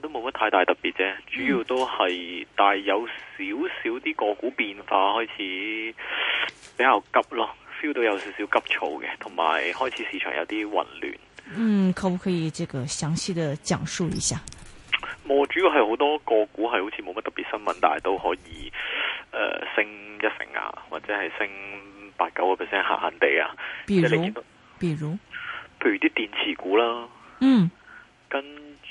都冇乜太大特別啫，主要都係但係、嗯、有少少啲個股變化，開始比較急咯，feel 到有少少急躁嘅，同埋開始市場有啲混亂。嗯，可唔可以這個詳細的講述一下？我主要係好多個股係好似冇乜特別新聞，但係都可以，誒、呃、升一成啊，或者係升八九個 percent，閒閒哋啊。譬如，比如，譬如啲電池股啦，嗯，跟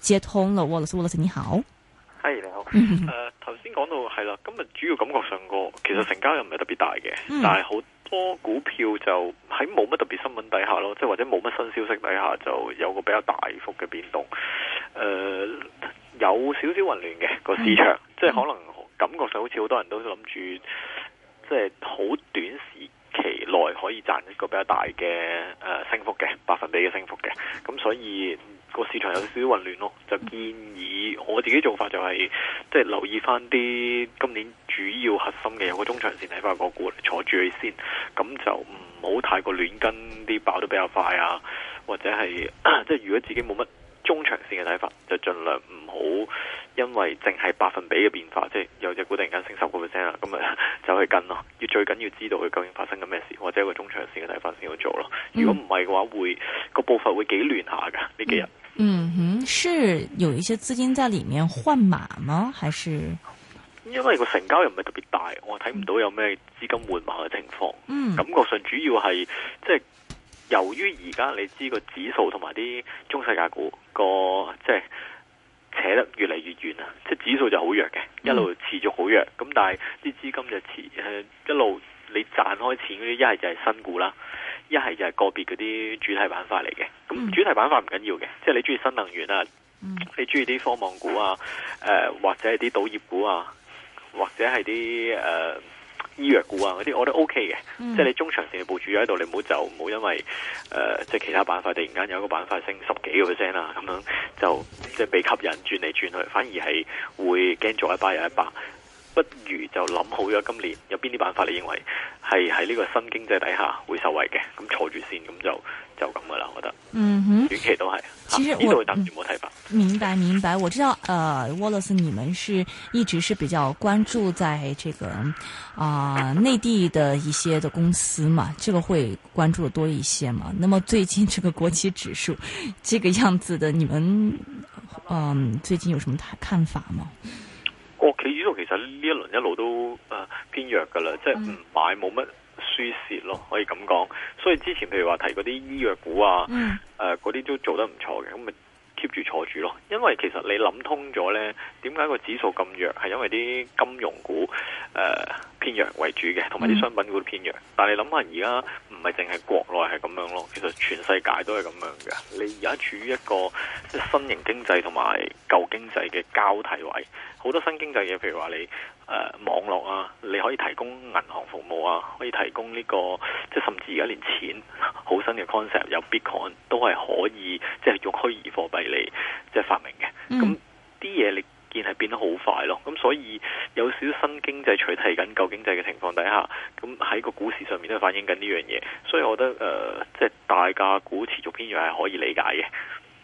接通了 Wallace，Wallace 你好。係你好，誒、嗯，頭先講到係啦，今日主要感覺上個其實成交又唔係特別大嘅，嗯、但係好多股票就喺冇乜特別新聞底下咯，即係或者冇乜新消息底下就有個比較大幅嘅變動。誒、uh,，有少少混亂嘅個市場，嗯、即係可能感覺上好似好多人都諗住，即係好短時期內可以賺一個比較大嘅誒升幅嘅百分比嘅升幅嘅，咁所以。個市場有少少混亂咯，就建議我自己做法就係，即係留意翻啲今年主要核心嘅有個中長線睇法嗰股坐住佢先，咁就唔好太過亂跟啲爆得比較快啊，或者係即係如果自己冇乜中長線嘅睇法，就盡量唔好因為淨係百分比嘅變化，即係有隻股突然間升十個 percent 啊，咁啊走去跟咯。要最緊要知道佢究竟發生緊咩事，或者有個中長線嘅睇法先去做咯。如果唔係嘅話，會個步伐會幾亂下嘅呢幾日。嗯哼，是有一些資金在裏面換馬嗎？還是因為個成交又唔係特別大，我睇唔到有咩資金換馬嘅情況。嗯，感覺上主要係即係由於而家你知個指數同埋啲中細價股、這個即係、就是、扯得越嚟越遠啊！即係指數就好弱嘅，一路持續好弱。咁但係啲資金就持誒一路你賺開錢嗰啲，一係就係新股啦。一係就係個別嗰啲主題板塊嚟嘅，咁主題板塊唔緊要嘅，即係你中意新能源啊，你中意啲科網股啊，誒、呃、或者係啲賭業股啊，或者係啲誒醫藥股啊嗰啲，我都 OK 嘅。嗯、即係你中長線部署喺度，你唔好就唔好因為誒、呃、即係其他板塊突然間有一個板塊升十幾個 percent 啊，咁樣就即係被吸引轉嚟轉去，反而係會驚做一巴又一巴。不如就諗好咗今年有邊啲辦法，你認為係喺呢個新經濟底下會受惠嘅？咁坐住先，咁就就咁噶啦，我覺得。嗯哼，短期都係。其實呢你會等住冇睇法。明白明白，我知道，呃 Wallace，你們是一直是比較關注在這個啊呃、內地的一些的公司嘛，這個會關注多一些嘛。那麼最近這個國企指數這個樣子的，你們嗯、呃、最近有什麼看法嗎？呢度其實呢一輪一路都誒、呃、偏弱嘅啦，嗯、即係唔買冇乜輸蝕咯，可以咁講。所以之前譬如話提嗰啲醫藥股啊，誒嗰啲都做得唔錯嘅，咁咪 keep 住坐住咯。因為其實你諗通咗咧，點解個指數咁弱，係因為啲金融股誒、呃、偏弱為主嘅，同埋啲商品股偏弱。嗯、但係你諗下，而家唔係淨係國內係咁樣咯，其實全世界都係咁樣嘅。你而家處於一個即係新型經濟同埋舊經濟嘅交替位。好多新經濟嘢，譬如話你誒、呃、網絡啊，你可以提供銀行服務啊，可以提供呢、這個即係甚至而家連錢好新嘅 concept，有 Bitcoin 都係可以即係用虛擬貨幣嚟即係發明嘅。咁啲嘢你見係變得好快咯。咁所以有少少新經濟取替緊舊經濟嘅情況底下，咁喺個股市上面都反映緊呢樣嘢。所以我覺得誒、呃，即係大價股持續偏弱係可以理解嘅。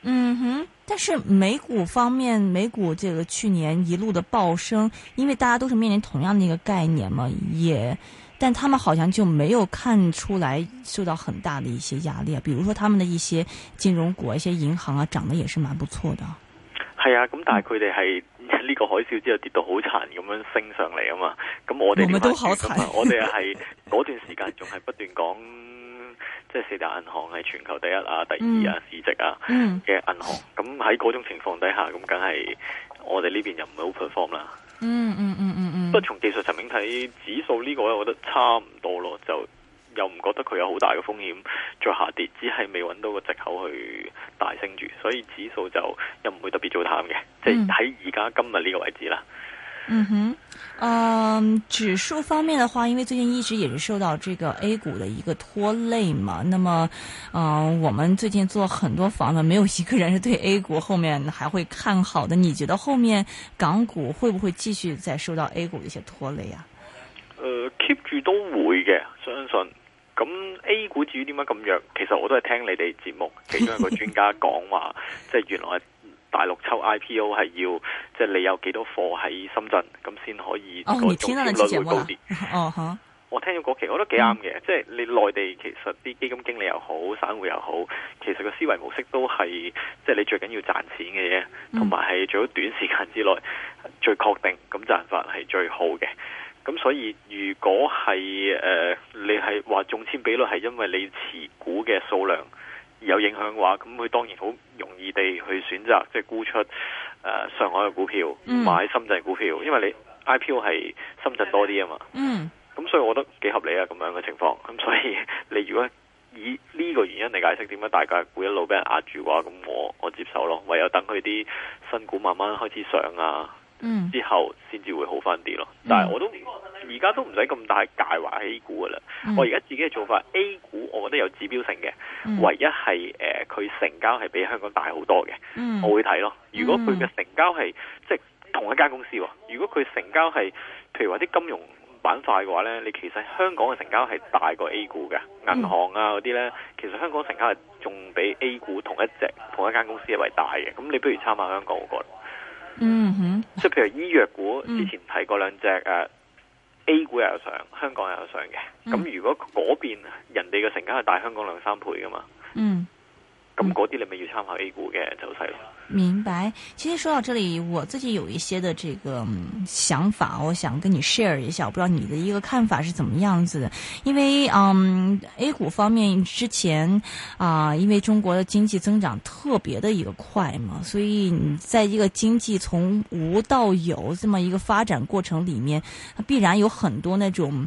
嗯哼，但是美股方面，美股這個去年一路的暴升，因為大家都是面臨同樣的一個概念嘛，也，但他們好像就沒有看出來受到很大的一些壓力啊。比如說他們的一些金融股、一些銀行啊，漲得也是蠻不錯的。係啊，咁但係佢哋係呢個海嘯之後跌到好殘咁樣升上嚟啊嘛，咁我哋，我們都好睇，我哋係嗰段時間仲係不斷講。即係四大銀行係全球第一啊、第二啊、市值啊嘅銀、嗯、行，咁喺嗰種情況底下，咁梗係我哋呢邊又唔係好 perform 啦。嗯嗯嗯嗯嗯。不過從技術層面睇，指數呢個我覺得差唔多咯，就又唔覺得佢有好大嘅風險再下跌，只係未揾到個藉口去大升住，所以指數就又唔會特別做淡嘅。即係喺而家今日呢個位置啦。嗯哼，嗯、呃，指數方面的話，因為最近一直也是受到這個 A 股的一個拖累嘛，那麼，嗯、呃，我們最近做很多房子沒有一個人是對 A 股後面還會看好的。你覺得後面港股會不會繼續再受到 A 股的一些拖累啊？呃，keep 住都會嘅，相信咁 A 股至於點解咁弱，其實我都係聽你哋節目其中一個專家講話， 即係原來。大陸抽 IPO 係要，即係你有幾多貨喺深圳咁先可以、oh, 個中簽率會高啲、oh, huh.。我聽到嗰期我都幾啱嘅，mm. 即係你內地其實啲基金經理又好，散戶又好，其實個思維模式都係，即係你最緊要賺錢嘅嘢，同埋係做短時間之內最確定咁賺法係最好嘅。咁所以如果係誒、呃，你係話中簽比率係因為你持股嘅數量，有影響嘅話，咁佢當然好容易地去選擇即係沽出、呃、上海嘅股票，買深圳股票，因為你 IPO 係深圳多啲啊嘛。嗯，咁所以我覺得幾合理啊咁樣嘅情況。咁所以你如果以呢個原因嚟解釋點解大家股一路俾人壓住嘅話，咁我我接受咯。唯有等佢啲新股慢慢開始上啊。嗯、之後先至會好翻啲咯，嗯、但係我都而家都唔使咁大介懷 A 股噶啦。嗯、我而家自己嘅做法，A 股我覺得有指標性嘅，嗯、唯一係誒佢成交係比香港大好多嘅。嗯、我會睇咯。如果佢嘅成交係、嗯、即係同一間公司，如果佢成交係譬如話啲金融板塊嘅話呢，你其實香港嘅成交係大過 A 股嘅，銀行啊嗰啲呢。其實香港成交係仲比 A 股同一隻同一間公司為大嘅。咁你不如參考香港嗰個。我覺得嗯哼，即係譬如醫藥股之前提過兩隻誒，A 股又有上，香港又有上嘅，咁、嗯、如果嗰邊人哋嘅成交係大香港兩三倍噶嘛？嗯。咁嗰啲你咪要參考 A 股嘅走勢咯。就是、明白，其實說到這裏，我自己有一些的這個想法，我想跟你 share 一下，我不知道你的一個看法是怎麼樣子的？因為，嗯，A 股方面之前，啊、呃，因為中國的經濟增長特別的一個快嘛，所以你在一個經濟從無到有這麼一個發展過程裏面，它必然有很多那種。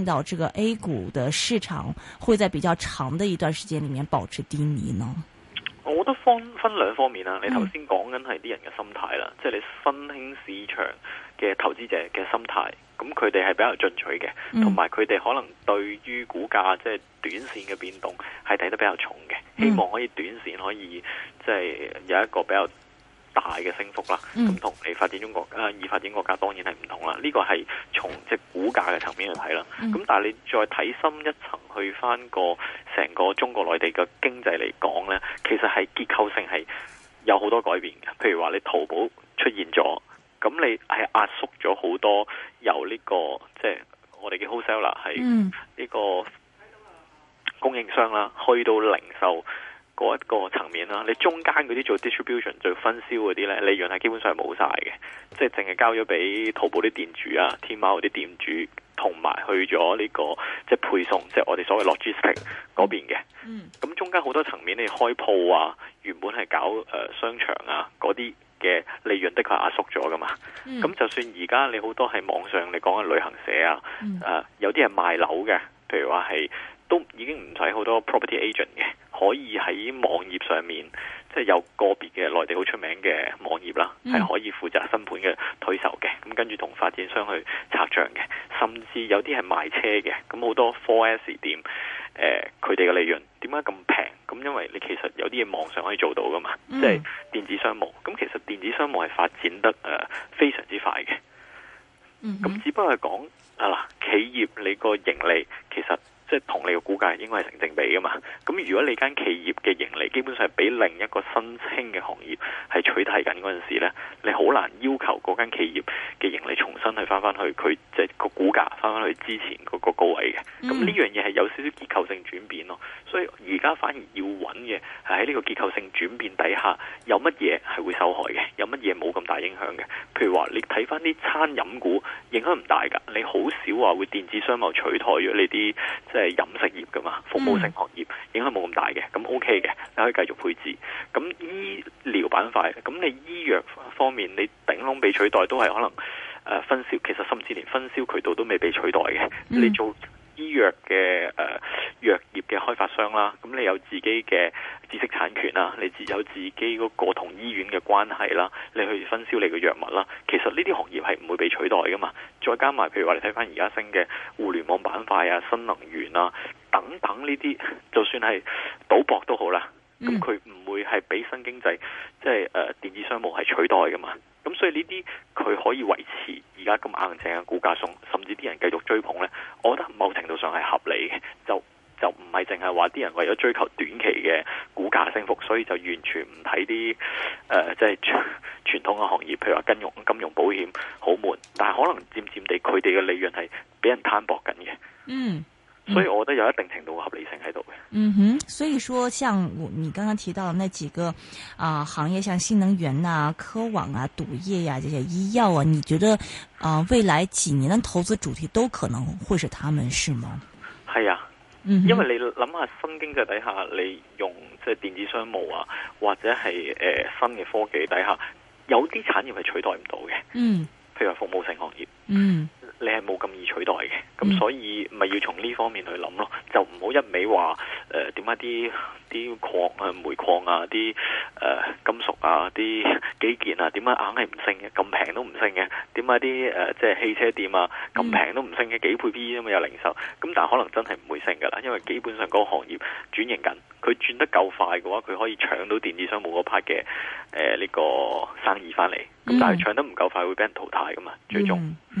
到這個 A 股的市場會在比較長的一段時間裏面保持低迷呢？我覺得分分兩方面啦，你頭先講緊係啲人嘅心態啦，即係、嗯、你新興市場嘅投資者嘅心態，咁佢哋係比較進取嘅，同埋佢哋可能對於股價即係、就是、短線嘅變動係睇得比較重嘅，希望可以短線可以即係、就是、有一個比較。大嘅升幅啦，咁同你發展中國家、嗯啊，已發展國家當然係唔同啦。呢、這個係從即係股價嘅層面去睇啦。咁、嗯、但係你再睇深一層去翻個成個中國內地嘅經濟嚟講咧，其實係結構性係有好多改變嘅，譬如話你淘寶出現咗，咁你係壓縮咗好多由呢、這個即係我哋嘅 wholesaler 係呢個供應商啦，去到零售。嗰一個層面啦，你中間嗰啲做 distribution、做分銷嗰啲咧，利潤係基本上係冇晒嘅，即係淨係交咗俾淘寶啲店主啊、天貓嗰啲店主，同埋去咗呢、這個即係配送，即係我哋所謂 logistics 嗰邊嘅。嗯，咁中間好多層面，你開鋪啊，原本係搞誒、呃、商場啊嗰啲嘅利潤的確係壓縮咗噶嘛。咁、嗯、就算而家你好多喺網上，你講嘅旅行社啊，誒、嗯呃、有啲係賣樓嘅，譬如話係都已經唔使好多 property agent 嘅。可以喺網頁上面，即係有個別嘅內地好出名嘅網頁啦，係、mm hmm. 可以負責新盤嘅推售嘅，咁跟住同發展商去拆帳嘅，甚至有啲係賣車嘅，咁好多 4S 店，佢哋嘅利潤點解咁平？咁因為你其實有啲嘢網上可以做到噶嘛，即係、mm hmm. 電子商務。咁其實電子商務係發展得誒、呃、非常之快嘅。咁只不過係講啊，企業你個盈利其實。即係同你個股價係應該係成正比嘅嘛？咁如果你間企業嘅盈利基本上係畀另一個新興嘅行業係取代緊嗰陣時咧，你好難要求嗰間企業嘅盈利重新係翻翻去佢即係個股價翻翻去之前嗰個高位嘅。咁呢樣嘢係有少少結構性轉變咯。所以而家反而要揾嘅係喺呢個結構性轉變底下有乜嘢係會受害嘅，有乜嘢冇咁大影響嘅？譬如話你睇翻啲餐飲股影響唔大㗎，你好少話會電子商貿取代咗你啲即係。就是係飲食業㗎嘛，服務性行業、嗯、影響冇咁大嘅，咁 OK 嘅，你可以繼續配置。咁醫療板塊，咁你醫藥方面，你頂籠被取代都係可能誒、呃、分銷，其實甚至連分銷渠道都未被取代嘅，嗯、你做。醫藥嘅誒，藥、呃、藥業嘅開發商啦，咁你有自己嘅知識產權啦，你自有自己嗰個同醫院嘅關係啦，你去分銷你嘅藥物啦，其實呢啲行業係唔會被取代噶嘛。再加埋譬如話你睇翻而家新嘅互聯網板塊啊、新能源啊等等呢啲，就算係賭博都好啦。咁佢唔會係俾新經濟，即係誒電子商務係取代噶嘛？咁所以呢啲佢可以維持而家咁硬淨嘅股價送，甚至啲人繼續追捧咧，我覺得某程度上係合理嘅，就就唔係淨係話啲人為咗追求短期嘅股價升幅，所以就完全唔睇啲誒即係傳統嘅行業，譬如話金融、金融保險好悶，但係可能漸漸地佢哋嘅利潤係俾人攤薄緊嘅。嗯。所以我覺得有一定程度嘅合理性喺度嘅。嗯哼，所以說，像我你剛剛提到那幾個啊、呃、行業，像新能源啊、科網啊、賭業呀、啊、這些醫藥啊，你覺得啊、呃、未來幾年嘅投資主題都可能會係佢哋，是嗎？係啊，嗯哼，因為你諗下新經濟底下，你用即係、就是、電子商務啊，或者係誒、呃、新嘅科技底下，有啲產業係取代唔到嘅。嗯，譬如話服務性行業。嗯，mm. Mm. 你係冇咁易取代嘅，咁所以咪要從呢方面去諗咯，就唔好一味話誒點解啲啲礦啊、呃、些些煤礦啊、啲誒、呃、金屬啊、啲基建啊，點解硬係唔升嘅？咁平都唔升嘅，點解啲誒即係汽車店啊，咁平都唔升嘅幾倍 PE 啫嘛，有零售，咁但係可能真係唔會升噶啦，因為基本上嗰個行業轉型緊，佢轉得夠快嘅話，佢可以搶到電子商務嗰 part 嘅誒呢個生意翻嚟，咁但係搶得唔夠快會俾人淘汰噶嘛，最終。Mm. Mm.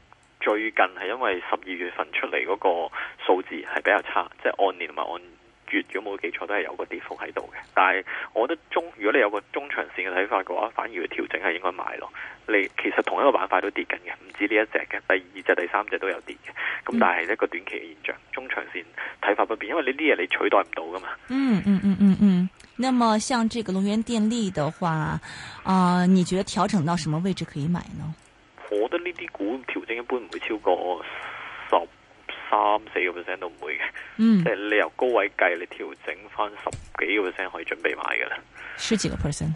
最近係因為十二月份出嚟嗰個數字係比較差，即係按年同埋按月，如果冇記錯都係有個跌幅喺度嘅。但係我覺得中，如果你有個中長線嘅睇法嘅話，反而會調整係應該買咯。你其實同一個板塊都跌緊嘅，唔止呢一隻嘅，第二隻第三隻都有跌嘅。咁但係一個短期嘅現象，中長線睇法不變，因為呢啲嘢你取代唔到噶嘛。嗯嗯嗯嗯嗯。那麼像這個龍源電力的話，啊、呃，你覺得調整到什麼位置可以買呢？我覺得呢啲股調整一般唔會超過十三四個 percent 都唔會嘅，嗯、即係你由高位計，你調整返十幾個 percent 可以準備買㗎喇。十幾個 percent。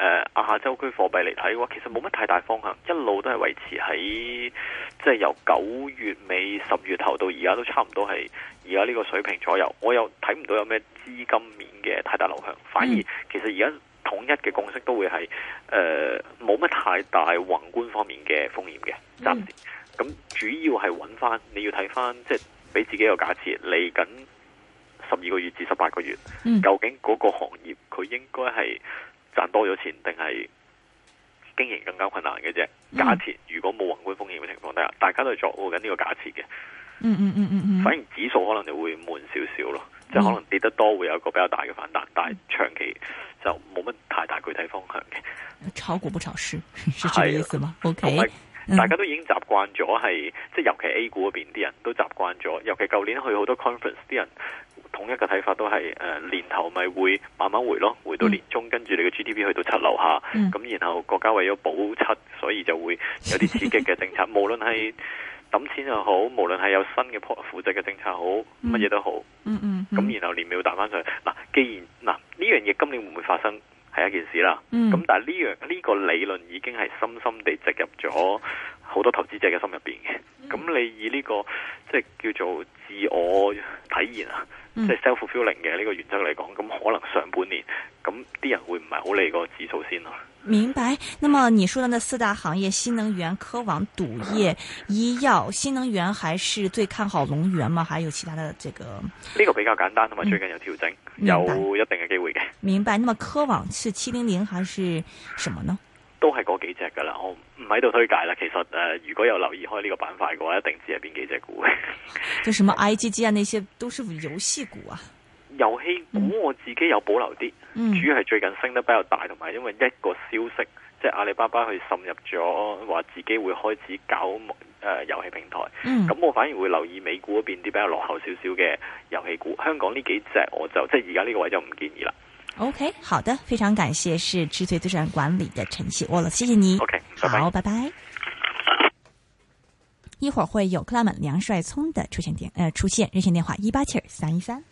誒、呃、亞洲區貨幣嚟睇嘅話，其實冇乜太大方向，一路都係維持喺，即係由九月尾十月頭到而家都差唔多係而家呢個水平左右。我又睇唔到有咩資金面嘅太大流向，反而其實而家統一嘅共識都會係誒，冇乜太大宏觀方面嘅風險嘅暫時。咁、嗯、主要係揾翻你要睇翻，即係俾自己一個假設嚟緊十二個月至十八個月，究竟嗰個行業佢應該係。賺多咗錢定係經營更加困難嘅啫？假設如果冇宏觀風險嘅情況底下，大家都係作緊呢個假設嘅、嗯。嗯嗯嗯嗯嗯，嗯嗯反而指數可能就會悶少少咯，即係可能跌得多會有一個比較大嘅反彈，嗯、但係長期就冇乜太大具體方向嘅。炒股不炒市，是這個意思嗎的？OK。 嗯、大家都已經習慣咗係，即係尤其 A 股嗰邊啲人都習慣咗，尤其舊年去好多 conference，啲人統一嘅睇法都係，誒、呃、年頭咪會慢慢回咯，回到年中、嗯、跟住你嘅 GDP 去到七樓下，咁、嗯、然後國家為咗保七，所以就會有啲刺激嘅政策， 無論係揼錢又好，無論係有新嘅 p o 負責嘅政策好，乜嘢、嗯、都好，咁、嗯嗯嗯、然後年尾要彈翻上去。嗱、啊，既然嗱呢樣嘢今年會唔會發生？第一件事啦，咁 但係呢樣呢個理論已經係深深地植入咗好多投資者嘅心入邊嘅。咁你以呢、呢個即係叫做自我體現啊，即係 self-fulfilling 嘅呢個原則嚟講，咁可能上半年咁啲人會唔係好理個指數先咯。明白，那麼你說的那四大行業，新能源、科網、賭業、醫藥，新能源還是最看好龍源嗎？還有其他的這個？呢個比較簡單，同埋最近有調整，嗯、有一定嘅機會嘅。明白，那麼科網是七零零還是什麼呢？都係嗰幾隻噶啦，我唔喺度推介啦。其實誒、呃，如果有留意開呢個板塊嘅話，一定知係邊幾隻股。就什麼 IGG 啊，那些都是遊戲股啊。嗯、我自己有保留啲，嗯、主要係最近升得比較大，同埋因為一個消息，即、就、係、是、阿里巴巴去滲入咗，話自己會開始搞誒遊戲平台。咁、嗯、我反而會留意美股嗰邊啲比較落後少少嘅遊戲股。香港呢幾隻我就即係而家呢個位就唔建議啦。OK，好的，非常感謝，是智翠資產管理的陳啟沃啦，謝謝你。OK，拜拜好，拜拜。一會兒會有克萊門梁帥聰的出現電，誒、呃，出現熱線電話一八七二三一三。